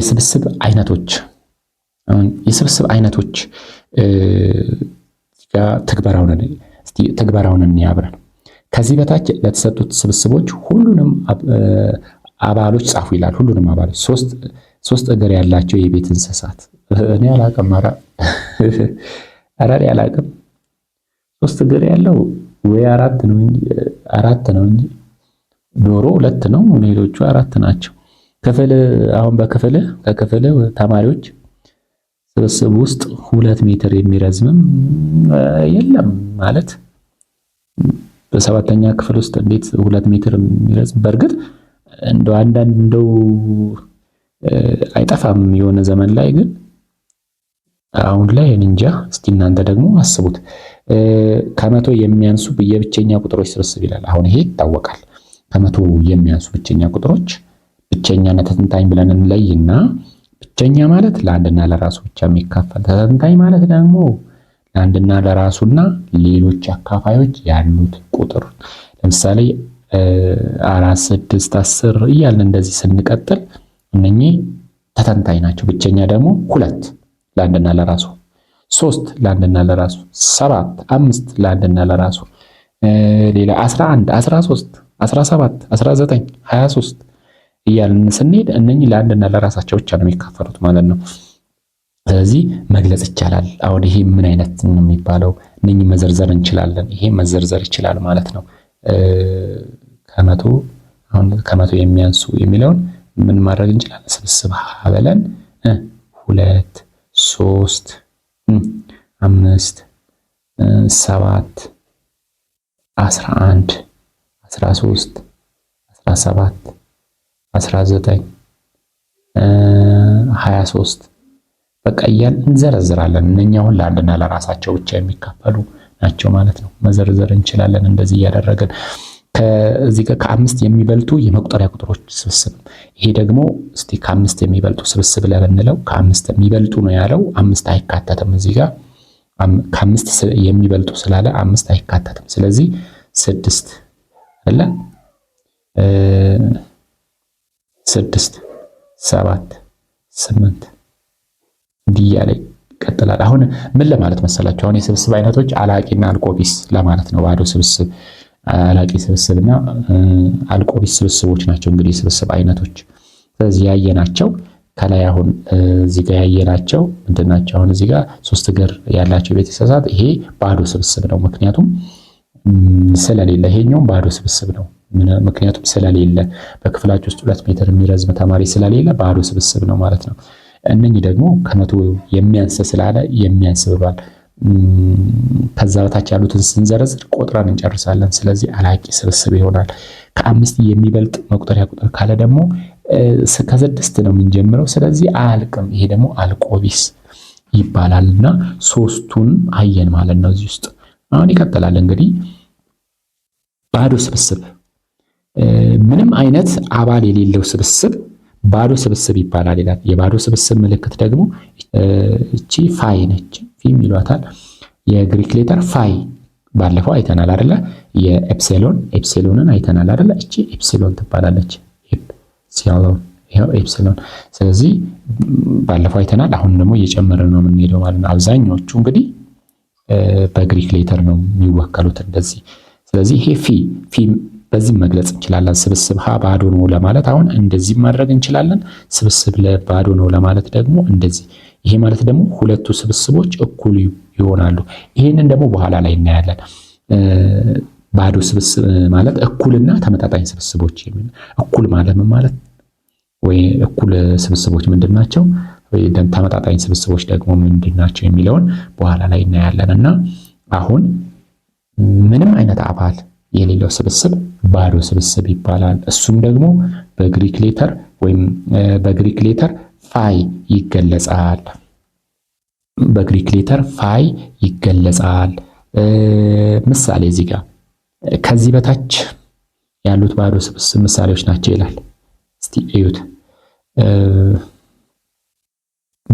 የስብስብ አይነቶች አሁን የስብስብ አይነቶች ተግባራውን እስቲ ተግበራውን እንያብረን። ከዚህ በታች ለተሰጡት ስብስቦች ሁሉንም አባሎች ጻፉ ይላል። ሁሉንም አባሎች ሶስት ሶስት እግር ያላቸው የቤት እንስሳት እኔ አላቅም። ኧረ ኧረ እኔ አላቅም። ሶስት እግር ያለው ወይ አራት ነው እንጂ አራት ነው እንጂ ዶሮ ሁለት ነው፣ ሌሎቹ አራት ናቸው። ክፍል አሁን በክፍል ከክፍል ተማሪዎች ስብስብ ውስጥ ሁለት ሜትር የሚረዝምም የለም ማለት በሰባተኛ ክፍል ውስጥ እንዴት ሁለት ሜትር የሚረዝም በእርግጥ እንደው አንዳንድ እንደው አይጠፋም የሆነ ዘመን ላይ ግን አሁን ላይ እንጃ። እስቲ እናንተ ደግሞ አስቡት። ከመቶ የሚያንሱ የብቸኛ ቁጥሮች ስብስብ ይላል። አሁን ይሄ ይታወቃል። ከመቶ የሚያንሱ ብቸኛ ቁጥሮች ብቸኛና ተተንታኝ ብለን እንለይና ብቸኛ ማለት ለአንድና ለራሱ ብቻ የሚካፈል፣ ተተንታኝ ማለት ደግሞ ለአንድና ለራሱና ሌሎች አካፋዮች ያሉት ቁጥር ለምሳሌ አራት፣ ስድስት፣ አስር እያልን እንደዚህ ስንቀጥል እነኚህ ተተንታኝ ናቸው። ብቸኛ ደግሞ ሁለት ለአንድና ለራሱ፣ ሶስት ለአንድና ለራሱ፣ ሰባት፣ አምስት ለአንድና ለራሱ፣ ሌላ ሰባት አስራ ዘጠኝ ሀያ ሶስት እያልን ስንሄድ እነኚህ ለአንድና ለራሳቸው ብቻ ነው የሚካፈሉት ማለት ነው። ስለዚህ መግለጽ ይቻላል። አሁን ይሄ ምን አይነት ነው የሚባለው? እነኚህ መዘርዘር እንችላለን። ይሄ መዘርዘር ይችላል ማለት ነው። ከመቶ አሁን ከመቶ የሚያንሱ የሚለውን ምን ማድረግ እንችላለን? ስብስብ ሀበለን ሁለት፣ ሶስት፣ አምስት፣ ሰባት፣ አስራ አንድ፣ አስራ ሶስት፣ አስራ ሰባት 19 23 በቃ እያልን እንዘረዝራለን። እነኛ አሁን ለአንድና ለራሳቸው ብቻ የሚካፈሉ ናቸው ማለት ነው። መዘርዘር እንችላለን እንደዚህ እያደረግን ከዚህ ጋር ከአምስት የሚበልጡ የመቁጠሪያ ቁጥሮች ስብስብ ይሄ ደግሞ እስቲ ከአምስት የሚበልጡ ስብስብ ለምንለው ከአምስት የሚበልጡ ነው ያለው። አምስት አይካተትም እዚህ ጋር ከአምስት የሚበልጡ ስላለ አምስት አይካተትም። ስለዚህ ስድስት አለ ስድስት ሰባት ስምንት እንዲህ እያለ ይቀጥላል። አሁን ምን ለማለት መሰላችሁ? አሁን የስብስብ አይነቶች አላቂና አልቆቢስ ለማለት ነው። ባዶ ስብስብ፣ አላቂ ስብስብና አልቆቢስ ስብስቦች ናቸው እንግዲህ የስብስብ አይነቶች። ስለዚህ ያየናቸው ከላይ አሁን እዚህ ጋር ያየናቸው ምንድን ናቸው? አሁን እዚህ ጋር ሶስት እግር ያላቸው ቤት እንስሳት ይሄ ባዶ ስብስብ ነው፣ ምክንያቱም ስለሌለ። ይሄኛውም ባዶ ስብስብ ነው። ምክንያቱም ስለሌለ በክፍላችሁ ውስጥ ሁለት ሜትር የሚረዝም ተማሪ ስለሌለ ባዶ ስብስብ ነው ማለት ነው። እነኚህ ደግሞ ከመቶ የሚያንስ ስላለ የሚያንስ ብሏል። ከዛ በታች ያሉትን ስንዘረዝር ቆጥረን እንጨርሳለን። ስለዚህ አላቂ ስብስብ ይሆናል። ከአምስት የሚበልጥ መቁጠሪያ ቁጥር ካለ ደግሞ ከስድስት ነው የምንጀምረው። ስለዚህ አያልቅም። ይሄ ደግሞ አልቆቢስ ይባላል እና ሶስቱን አየን ማለት ነው እዚህ ውስጥ። አሁን ይቀጥላል እንግዲህ ባዶ ስብስብ ምንም አይነት አባል የሌለው ስብስብ ባዶ ስብስብ ይባላል ይላል። የባዶ ስብስብ ምልክት ደግሞ እቺ ፋይ ነች፣ ፊም ይሏታል። የግሪክ ሌተር ፋይ ባለፈው አይተናል አደለ? የኤፕሲሎን ኤፕሲሎንን አይተናል አደለ? እቺ ኤፕሲሎን ትባላለች። ኤፕሲሎን ይሄው ኤፕሲሎን። ስለዚህ ባለፈው አይተናል። አሁን ደግሞ እየጨመረ ነው የምንሄደው ማለት ነው። አብዛኛዎቹ እንግዲህ በግሪክ ሌተር ነው የሚወከሉት እንደዚህ። ስለዚህ ይሄ ፊ በዚህ መግለጽ እንችላለን። ስብስብ ሀ ባዶ ነው ለማለት አሁን እንደዚህ ማድረግ እንችላለን። ስብስብ ለ ባዶ ነው ለማለት ደግሞ እንደዚህ። ይሄ ማለት ደግሞ ሁለቱ ስብስቦች እኩል ይሆናሉ። ይሄንን ደግሞ በኋላ ላይ እናያለን። ባዶ ስብስብ ማለት እኩልና ተመጣጣኝ ስብስቦች የሚል እኩል ማለት ምን ማለት ወይ እኩል ስብስቦች ምንድን ናቸው? ተመጣጣኝ ስብስቦች ደግሞ ምንድን ናቸው የሚለውን በኋላ ላይ እናያለን እና አሁን ምንም አይነት አባል የሌላው ስብስብ ባዶ ስብስብ ይባላል። እሱም ደግሞ በግሪክ ሌተር ወይም በግሪክ ሌተር ፋይ ይገለጻል። በግሪክ ሌተር ፋይ ይገለጻል። ምሳሌ እዚህ ጋር ከዚህ በታች ያሉት ባዶ ስብስብ ምሳሌዎች ናቸው ይላል። እስቲ እዩት።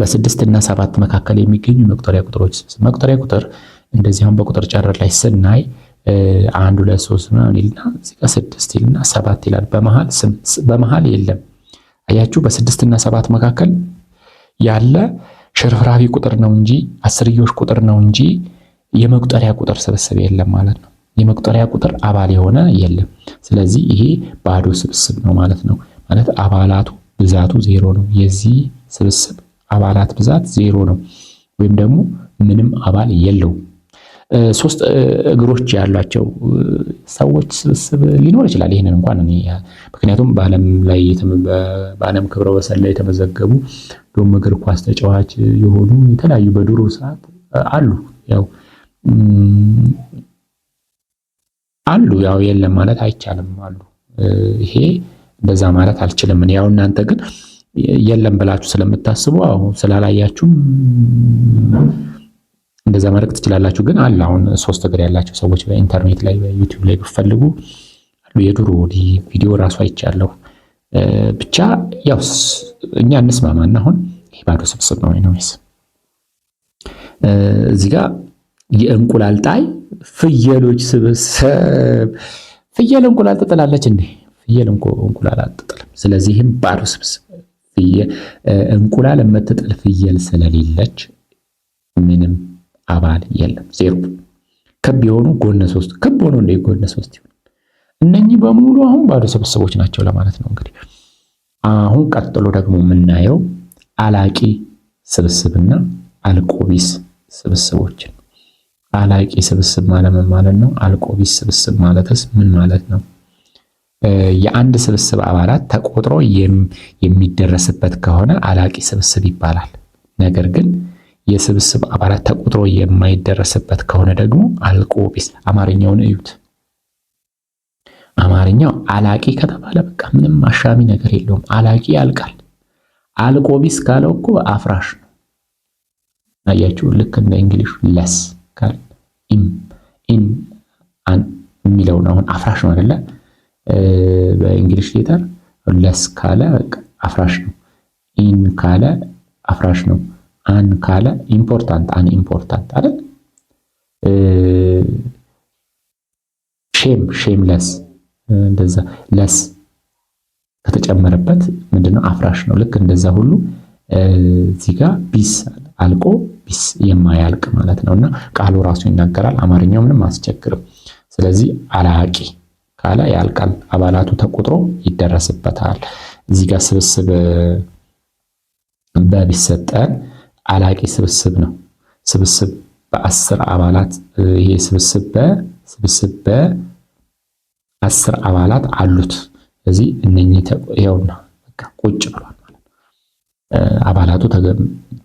በስድስት እና ሰባት መካከል የሚገኙ መቁጠሪያ ቁጥሮች መቁጠሪያ ቁጥር አሁን በቁጥር ጨረር ላይ ስናይ አንድ ሁለት ሶስት ምናምን ይልና እዚህ ጋር ስድስት ይልና ሰባት ይላል። በመሃል በመሃል የለም። አያችሁ በስድስትና ሰባት መካከል ያለ ሽርፍራፊ ቁጥር ነው እንጂ አስርዮሽ ቁጥር ነው እንጂ የመቁጠሪያ ቁጥር ስብስብ የለም ማለት ነው። የመቁጠሪያ ቁጥር አባል የሆነ የለም። ስለዚህ ይሄ ባዶ ስብስብ ነው ማለት ነው። ማለት አባላቱ ብዛቱ ዜሮ ነው። የዚህ ስብስብ አባላት ብዛት ዜሮ ነው፣ ወይም ደግሞ ምንም አባል የለውም። ሶስት እግሮች ያሏቸው ሰዎች ስብስብ ሊኖር ይችላል። ይህንን እንኳን ምክንያቱም በዓለም ላይ በዓለም ክብረ ወሰን ላይ የተመዘገቡ ዶም እግር ኳስ ተጫዋች የሆኑ የተለያዩ በድሮ ሰዓት አሉ ያው አሉ ያው የለም ማለት አይቻልም። አሉ ይሄ እንደዛ ማለት አልችልም። ያው እናንተ ግን የለም ብላችሁ ስለምታስቡ አዎ ስላላያችሁም እንደዛ ማድረግ ትችላላችሁ። ግን አለ አሁን ሶስት እግር ያላቸው ሰዎች በኢንተርኔት ላይ በዩቲዩብ ላይ ብፈልጉ አሉ። የድሮ ቪዲዮ ራሱ አይቻለሁ። ብቻ ያው እኛ እንስማማና አሁን ይሄ ባዶ ስብስብ ነው ወይ ወይስ እዚህ ጋር የእንቁላል ጣይ ፍየሎች ስብስብ ፍየል እንቁላል ትጥላለች እንዴ? ፍየል እንቁላል አትጥልም። ስለዚህም ባዶ ስብስብ እንቁላል የምትጥል ፍየል ስለሌለች ምንም አባል የለም። ዜሮ ክብ የሆኑ ጎነ ሶስት ክብ ሆኖ እንደ ጎነ ሶስት እነኚህ በሙሉ አሁን ባዶ ስብስቦች ናቸው ለማለት ነው። እንግዲህ አሁን ቀጥሎ ደግሞ የምናየው አላቂ ስብስብና አልቆቢስ ስብስቦችን። አላቂ ስብስብ ማለት ምን ማለት ነው? አልቆቢስ ስብስብ ማለትስ ምን ማለት ነው? የአንድ ስብስብ አባላት ተቆጥሮ የሚደረስበት ከሆነ አላቂ ስብስብ ይባላል። ነገር ግን የስብስብ አባላት ተቆጥሮ የማይደረስበት ከሆነ ደግሞ አልቆ ቢስ አማርኛውን እዩት። አማርኛው አላቂ ከተባለ በቃ ምንም አሻሚ ነገር የለውም። አላቂ ያልቃል። አልቆ ቢስ ካለው እኮ አፍራሽ ነው። አያችሁ፣ ልክ እንደ እንግሊሽ ለስ ካል ኢም ኢን አን የሚለውን አሁን አፍራሽ ነው አይደለ? በእንግሊሽ ሌተር ለስ ካለ አፍራሽ ነው። ኢን ካለ አፍራሽ ነው። አን ካለ ኢምፖርታንት አን ኢምፖርታንት አይደል? ሼም ሼምለስ እንደዛ ለስ ከተጨመረበት ምንድነው አፍራሽ ነው። ልክ እንደዛ ሁሉ እዚህ ጋር ቢስ አልቆ ቢስ የማያልቅ ማለት ነው። እና ቃሉ ራሱ ይናገራል። አማርኛው ምንም አስቸግርም። ስለዚህ አላቂ ካለ ያልቃል፣ አባላቱ ተቆጥሮ ይደረስበታል። እዚህ ጋር ስብስብ በቢሰጠን አላቂ ስብስብ ነው። ስብስብ በአስር አባላት ይሄ ስብስብ በስብስብ በአስር አባላት አሉት። ስለዚህ እነኚህ ይኸውና በቃ ቁጭ ብሏል ማለት አባላቱ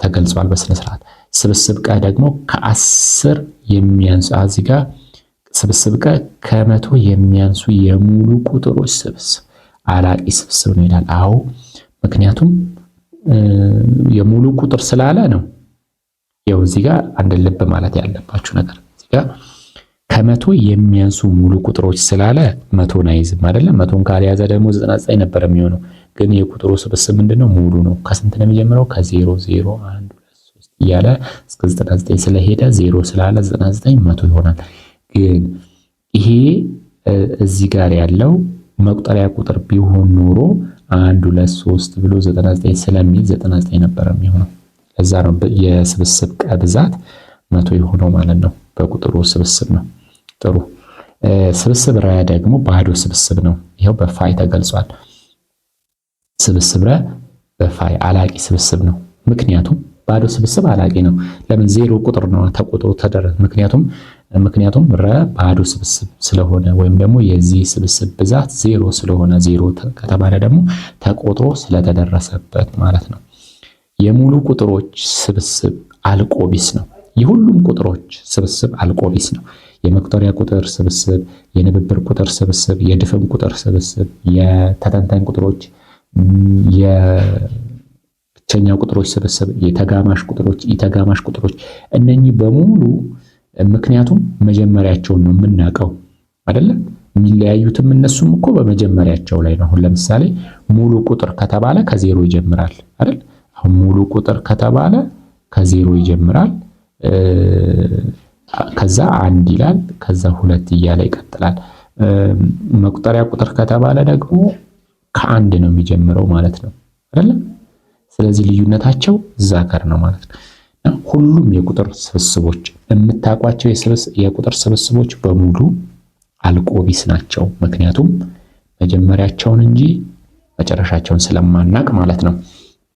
ተገልጿል በስነ ስርዓት። ስብስብ ቀ ደግሞ ከአስር የሚያንሱ እዚህ ጋር ስብስብ ቀ ከመቶ የሚያንሱ የሙሉ ቁጥሮች ስብስብ አላቂ ስብስብ ነው ይላል። አዎ ምክንያቱም የሙሉ ቁጥር ስላለ ነው። ያው እዚህ ጋር አንድ ልብ ማለት ያለባችሁ ነገር እዚህ ጋር ከመቶ የሚያንሱ ሙሉ ቁጥሮች ስላለ መቶን አይዝም አይደለም። መቶን ካልያዘ ደግሞ ዘጠና ዘጠኝ ነበር የሚሆነው። ግን የቁጥሩ ስብስብ ምንድነው ሙሉ ነው። ከስንት ነው የሚጀምረው? ከዜሮ ዜሮ አንድ ሁለት ሶስት እያለ እስከ ዘጠና ዘጠኝ ስለሄደ ዜሮ ስላለ ዘጠና ዘጠኝ መቶ ይሆናል። ግን ይሄ እዚህ ጋር ያለው መቁጠሪያ ቁጥር ቢሆን ኖሮ አንድ ሁለት ሶስት ብሎ 99 ስለሚል 99 ነበረ የሚሆነው። ለዛ ነው የስብስብ ቀ ብዛት መቶ የሆነው ማለት ነው። በቁጥሩ ስብስብ ነው። ጥሩ ስብስብ ረ ደግሞ ባዶ ስብስብ ነው። ይኸው በፋይ ተገልጿል። ስብስብ ረ በፋይ አላቂ ስብስብ ነው። ምክንያቱም ባዶ ስብስብ አላቂ ነው። ለምን ዜሮ ቁጥር ነው ተቆጥሮ ተደረ ምክንያቱም ምክንያቱም ረ ባዶ ስብስብ ስለሆነ ወይም ደግሞ የዚህ ስብስብ ብዛት ዜሮ ስለሆነ ዜሮ ከተባለ ደግሞ ተቆጥሮ ስለተደረሰበት ማለት ነው። የሙሉ ቁጥሮች ስብስብ አልቆቢስ ነው። የሁሉም ቁጥሮች ስብስብ አልቆቢስ ነው። የመቁጠሪያ ቁጥር ስብስብ፣ የንብብር ቁጥር ስብስብ፣ የድፍን ቁጥር ስብስብ፣ የተተንታኝ ቁጥሮች፣ የብቸኛ ቁጥሮች ስብስብ፣ የተጋማሽ ቁጥሮች፣ ኢተጋማሽ ቁጥሮች እነኚህ በሙሉ ምክንያቱም መጀመሪያቸውን ነው የምናውቀው አይደለ? የሚለያዩትም እነሱም እኮ በመጀመሪያቸው ላይ ነው። አሁን ለምሳሌ ሙሉ ቁጥር ከተባለ ከዜሮ ይጀምራል አይደል? አሁን ሙሉ ቁጥር ከተባለ ከዜሮ ይጀምራል። ከዛ አንድ ይላል። ከዛ ሁለት እያለ ይቀጥላል። መቁጠሪያ ቁጥር ከተባለ ደግሞ ከአንድ ነው የሚጀምረው ማለት ነው አይደለም። ስለዚህ ልዩነታቸው ዛከር ነው ማለት ነው። ሁሉም የቁጥር ስብስቦች የምታውቋቸው የቁጥር ስብስቦች በሙሉ አልቆቢስ ናቸው። ምክንያቱም መጀመሪያቸውን እንጂ መጨረሻቸውን ስለማናቅ ማለት ነው።